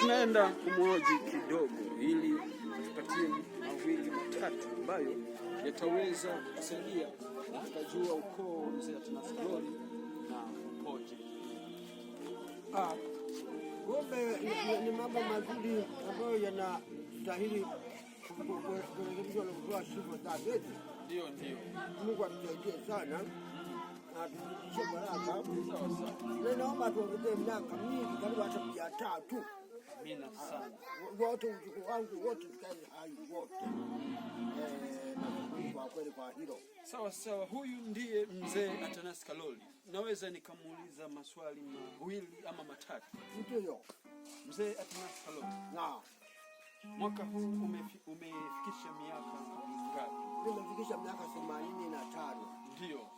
tunaenda kumwoji kidogo, ili tupatie mawili matatu ambayo yataweza kusaidia tukajua ukoo mzee Atnasi Glory na ukoje. Ah, ng'ombe ni ni, ni mambo mazuri ambayo yanastahili kurekebishwa na kutoa sifa za beti. Ndio, ndio, Mungu atusaidie sana. Mm. na wewe naomba tuongezee miaka mingi hata mia tatu. Wote wangu wote tukae hai wote. Eh, sawa sawa, huyu ndiye mzee Atanas Kaloli. Naweza nikamuuliza maswali mawili ama matatu. Ndio. Mzee Atanas Kaloli. Naam. Mwaka huu umefi, umefikisha miaka ngapi? Nimefikisha miaka themanini na tano. Ndio.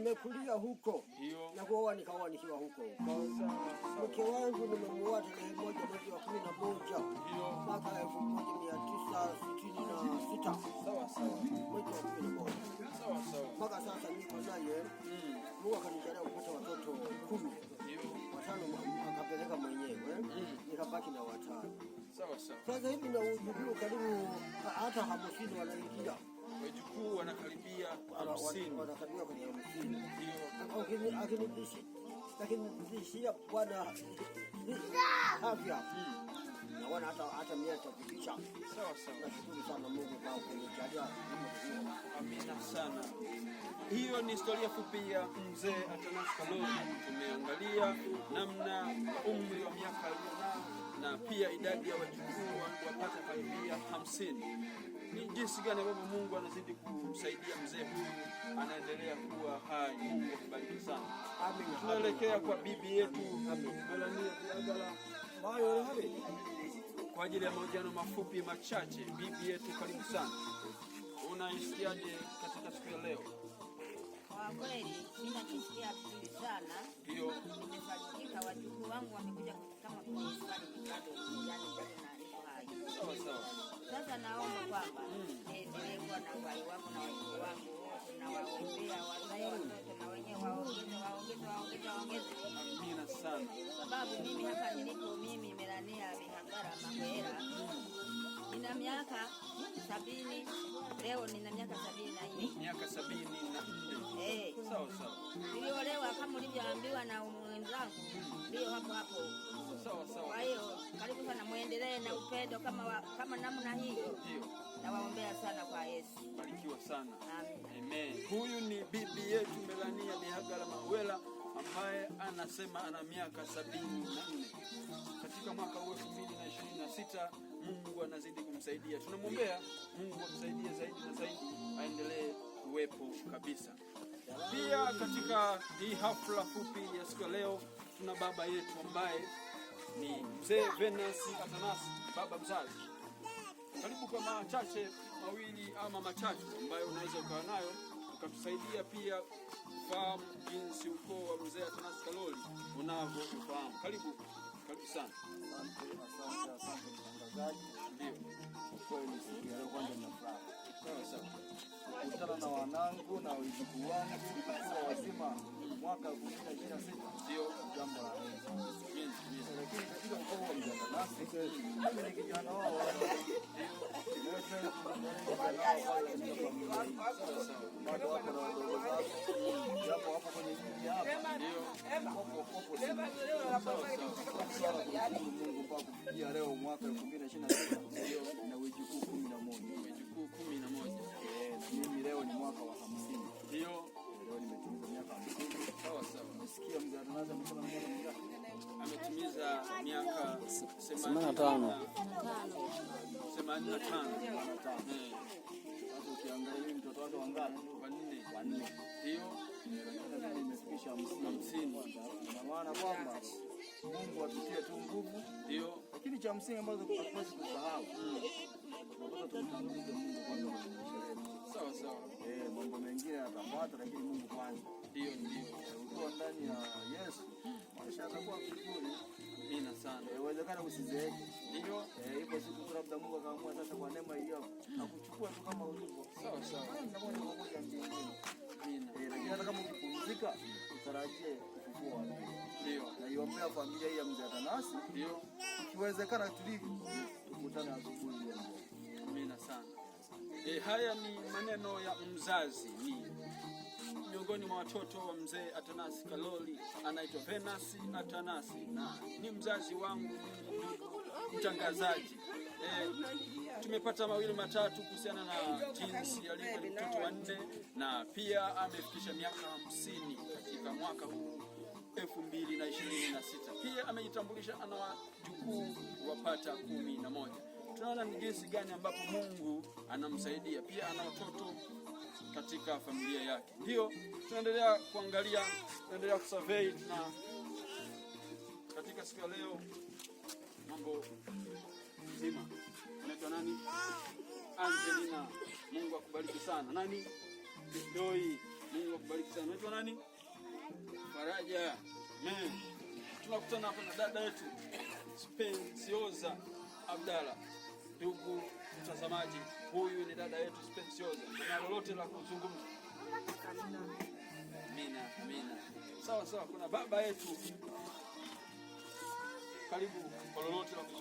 Nimekulia huko na kuoa nikaoa nikiwa huko. Mke wangu nimemuoa tarehe moja mwezi wa kumi na moja mwaka elfu moja mia tisa sitini na sita mwezi wa kumi na moja mpaka sasa niko naye. Hmm. Mungu akanijalia kupata watoto kumi, watano akapeleka mwenyewe, hmm. nikabaki na watano. Sasa hivi na ujumla karibu hata hamsini wanaingia wajukuu wanakaribia bwana afya hata hata Sawa sawa. Nashukuru sana Mungu kwa kunijalia. Amina sana. Hiyo ni historia fupi ya mzee Athanas Kaloli. Tumeangalia namna umri wa miaka alionao na pia idadi ya wajukuu wapata karibia hamsini ni jinsi gani ambavyo Mungu anazidi kumsaidia mzee huyu, anaendelea kuwa hai. Mungu akubariki sana. Tunaelekea kwa bibi yetu kwa ajili ya mahojiano mafupi machache. Bibi yetu, karibu sana. Unaisikiaje katika siku ya leo? Kwa kweli mimi najisikia vizuri sana. Ndio. Nimefarijika, wajukuu wangu wamekuja kama kwa sababu kidogo, yani bado na hai. Sawa sawa. Sasa naona kwako, niendelee kuwa na uhai wangu na wajukuu wangu na waombea wazae watoto na wenyewe waongeze waongeze waongeze waongeze. Amina sana, sababu mimi hapa niliko mimi Melania Bihangara Mahwera nina miaka sabini leo, nina miaka sabini na nne miaka sabini na nne eh, sawa sawa, niliolewa kama ulivyoambiwa na mwenzangu, ndio hapo hapo kwa hiyo karibu sana, muendelee na upendo kama wa, kama namna hiyo. Nawaombea sana kwa Yesu. Barikiwa sana. Amen. Amen. Huyu ni bibi yetu Melania Bihagala Mawela ambaye anasema ana miaka sabini na nne katika mwaka huu elfu mbili na ishirini na sita. Mungu anazidi kumsaidia, tunamwombea Mungu amsaidie zaidi na zaidi, aendelee kuwepo kabisa. Pia katika hii hafla fupi ya siku ya leo tuna baba yetu ambaye ni mzee Venus Atanasi, baba mzazi. Karibu kwa machache mawili ama machache ambayo unaweza ukawa nayo ukatusaidia pia kufahamu jinsi ukoo wa mzee Atanasi Kaloli unavyo ufahamu. Karibu, karibu sana. Asante mtangazaji. Ndio. Kwa hiyo ni siku ya kwanza sana wanangu na wajukuu wangu kwa wazima mwaka elfu ndio jambo la lakini katika wa mimi ni kijana wao kwa kufikia leo mwaka elfu mbili na ishirini na tano ukiangalia Mungu atutie tu nguvu, ndio. Lakini cha msingi ambacho hatuwezi kusahau sawa sawa, eh, mambo mengine yatafuata, lakini Mungu kwanza, ndio ndio. Ukiwa ndani ya Yesu maisha yatakuwa vizuri. Amina sana. Inawezekana usizeeke ndio. Eh, siku labda Mungu akaamua sasa kwa neema hiyo tu kama ulivyo. Sawa sawa. ni Amina. Eh, kama ukipumzika utarajie kufufua Ndio. Na familia hii ya mzee Atanasi. Ndio. Ikiwezekana tulivu tukutane asubuhi. Amina sana. Eh, haya ni maneno ya mzazi ni miongoni mwa watoto wa mzee Atanasi Kaloli, anaitwa Venasi Atanasi na ni mzazi wangu mtangazaji, eh, tumepata mawili matatu kuhusiana na jinsi alivyo ni mtoto wa nne na pia amefikisha miaka hamsini katika mwaka huu elfu mbili na ishirini na sita. Pia amejitambulisha ana wajukuu wapata kumi na moja. Tunaona ni jinsi gani ambapo Mungu anamsaidia, pia ana watoto katika familia yake. Ndio tunaendelea kuangalia, tunaendelea kusurvey na katika siku ya leo mambo mzima. Unaitwa nani? Angelina, Mungu akubariki sana. Nani? Doi, Mungu akubariki sana. Unaitwa nani? Faraja. Tunakutana hapa na dada yetu Spensioza Abdalla. Ndugu mtazamaji, huyu ni dada yetu Spensioza. Kuna lolote la kuzungumza? Amina, amina. Sawa sawa, kuna baba yetu karibu kwa lolote la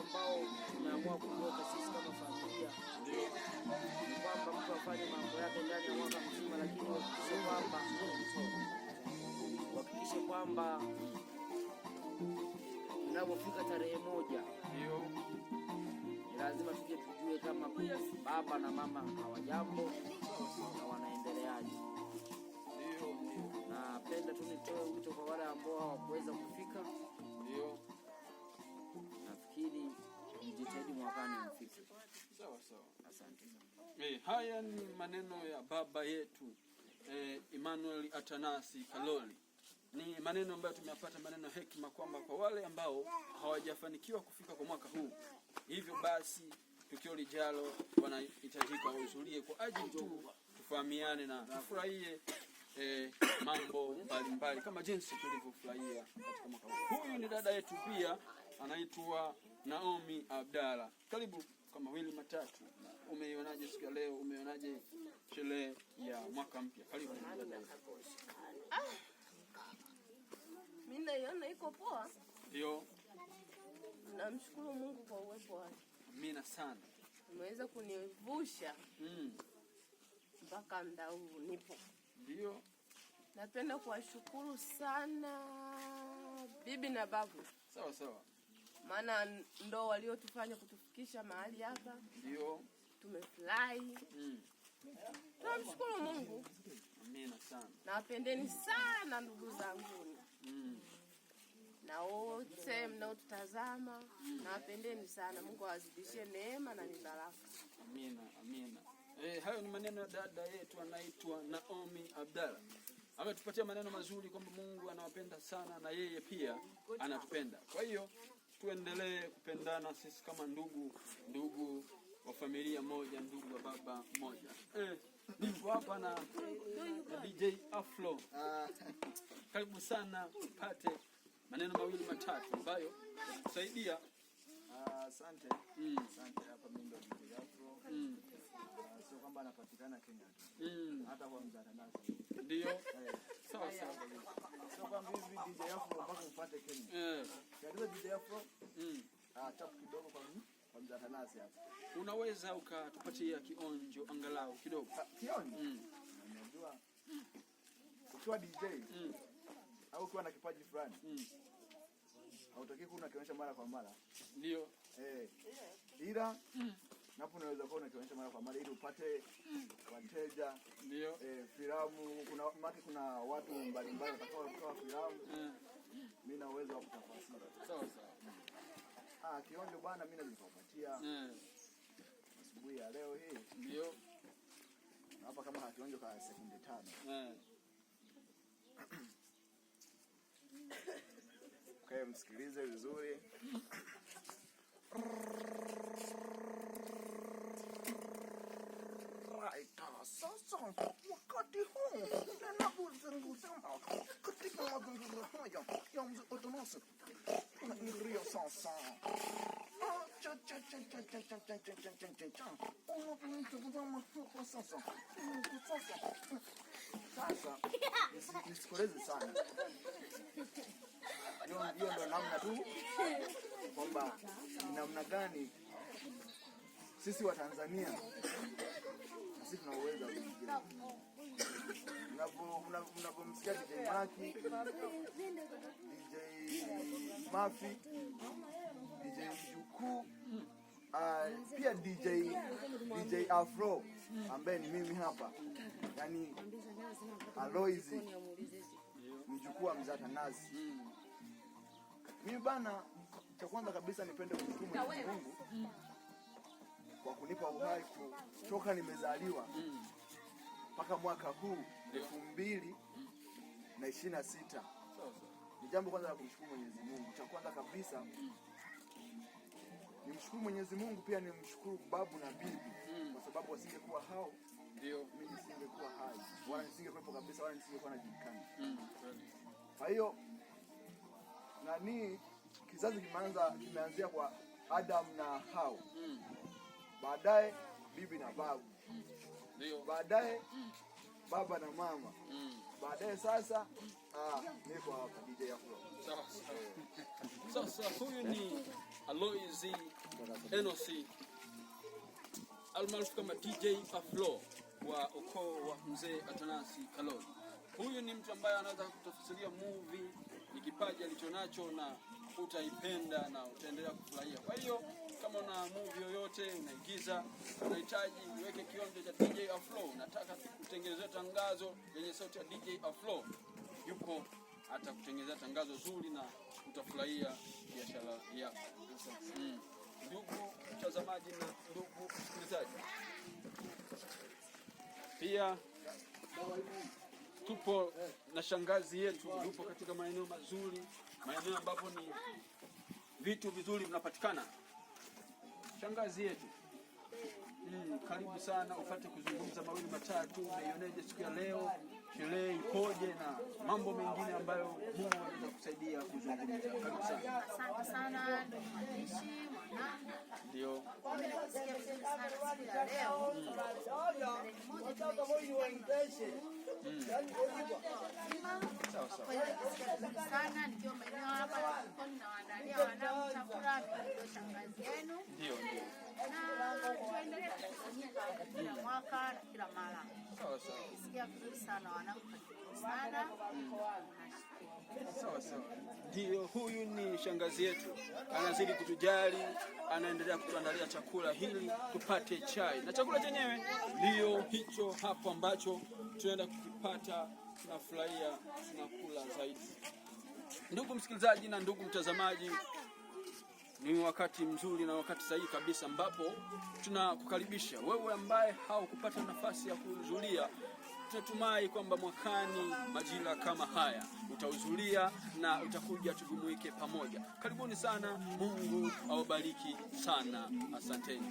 ambao tumeamua kuweka sisi kama familia kwamba mtu afanye mambo yake ndani ya mwaka mzima, lakini uhakikishe kwamba uhakikishe kwamba inapofika tarehe moja ni lazima tuje tujue kama baba na mama hawajambo na wanaendeleaje. Napenda tu nitoe wito kwa wale ambao hawakuweza kufika nitajitahidi mwakani mfike. Sawa sawa, asante sana. Eh, haya ni maneno ya baba yetu eh, Emmanuel Atanasi Kaloli ni maneno ambayo tumeyapata, maneno ya hekima, kwamba kwa wale ambao hawajafanikiwa kufika kwa mwaka huu, hivyo basi tukio lijalo wanahitajika wahudhurie kwa ajili tu tufahamiane na tufurahie eh, mambo mbalimbali kama jinsi tulivyofurahia katika mwaka huu. Huyu ni dada yetu pia anaitwa Naomi Abdalla, karibu kwa mawili matatu. Umeionaje siku ya leo? Umeionaje sherehe ya mwaka mpya? Karibu. Ah, mimi naiona iko poa. Ndio, namshukuru Mungu kwa uwepo wake. Amina sana, umeweza kunivusha hmm. mpaka mm, muda huu nipo. Ndio, napenda kuwashukuru sana bibi na babu. Sawa sawa maana ndo waliotufanya kutufikisha mahali hapa, ndio tumefurahi. Mm. Tunamshukuru Mungu. Amina sana. Nawapendeni sana ndugu zangu mm. na wote mnaotutazama mm. nawapendeni sana. Mungu awazidishie neema na baraka. Amina, amina. Eh, hayo ni maneno ya dada yetu anaitwa Naomi Abdalla. Ametupatia maneno mazuri kwamba Mungu anawapenda sana na yeye pia anatupenda. Kwa hiyo tuendelee kupendana sisi kama ndugu, ndugu wa familia moja, ndugu wa baba moja Eh, niko hapa na, DJ Afro. Karibu sana, pate maneno mawili matatu ambayo kusaidia. Asante, mm. asante. Hapa mimi ndo DJ Afro, mm. ah, sio kwamba anapatikana Kenya tu, mm. hata kwa mzananasi ndio. Sawa sawa. Eh. Mm. Ah, kidogo Unaweza ukatupatia kionjo angalau kidogo. Ah, mm. ukiwa DJ mm. au ukiwa na kipaji fulani mm. hautaki kuna kionyesha mara kwa mara. Ndio. Eh. Ila mm hapo unaweza kuwa unakionyesha mara kwa mara ili upate wateja. Ndio eh, filamu kuna maki, kuna watu mbalimbali watakao kutoa filamu mm. Mimi na uwezo wa kutafasiri sawa sawa. Hmm. Ah, kionjo bwana, mimi nilikupatia eh. asubuhi ya leo hii ndio hapa, kama hakionjo kwa sekunde tano mm. Eh. Kae msikilize vizuri kawaida. Sasa wakati huu ninapozungumza katika mazingira haya ya mzee Otonosi, naingiria sasa unavyonitazama hapa sasa, sasa sasa, nisikoleze sana hiyo ndo namna tu kwamba ni namna gani sisi Watanzania sisi tuna uwezo Mnapomsikia DJ Maki, DJ Mafi, DJ Mjukuu, ah, pia DJ DJ Afro ambaye ni mimi hapa, yani Aloizi mjukuu wa Mzata Nazi. Mimi bana, cha kwanza kabisa nipende kumshukuru Mungu kwa kunipa uhai kutoka nimezaliwa mpaka mm. mwaka huu elfu mbili mm. na ishirini na sita Ni jambo kwanza la kumshukuru Mwenyezi Mungu. Cha kwanza kabisa mm. nimshukuru Mwenyezi Mungu, pia nimshukuru babu na bibi mm. kwa sababu wasingekuwa hao ndio mimi nisingekuwa hai wala nisingekuwepo kabisa wala nisingekuwa najulikana mm. kwa hiyo nani kizazi kimeanza kimeanzia kwa Adam na Hawa mm baadaye bibi na babu, baadaye baba na mama, mm. baadaye sasa ah, niko hapa DJ Afro. Sasa huyu ni Aloyzi noc almaarufu kama DJ Afro wa ukoo wa mzee Atanasi Kalori. Huyu ni mtu ambaye anaweza kutafsiria movie, ni kipaji alichonacho na utaipenda na utaendelea kufurahia. Kwa hiyo kama una movie yoyote unaigiza, unahitaji uweke kionjo cha DJ Afro, nataka kutengenezea tangazo lenye sauti ya DJ Afro, yupo atakutengenezea tangazo zuri na utafurahia biashara yako. Mm. Ndugu mtazamaji na ndugu msikilizaji, pia tupo na shangazi yetu, yupo katika maeneo mazuri, maeneo ambapo ni vitu vizuri vinapatikana. Shangazi yetu mm, karibu sana upate kuzungumza mawili matatu, unaioneje siku ya leo, sherehe ikoje na mambo mengine ambayo Mungu anaweza kusaidia kuzungumza. Karibu sana. Asante sana ndugu mwandishi mwanangu, ndio sawa mwaka na kila mara. Sawa sawa. vizuri sana wanangu, sana. Sawa sawa. Ndio, huyu ni shangazi yetu, anazidi kutujali, anaendelea kutuandalia chakula hili tupate chai, na chakula chenyewe ndio hicho hapo ambacho tunaenda kukipata. Tunafurahia, tunakula zaidi. Ndugu msikilizaji na ndugu mtazamaji ni wakati mzuri na wakati sahihi kabisa ambapo tunakukaribisha wewe ambaye haukupata nafasi ya kuhudhuria. Tunatumai kwamba mwakani majira kama haya utahudhuria na utakuja tujumuike pamoja. Karibuni sana. Mungu awabariki sana, asanteni.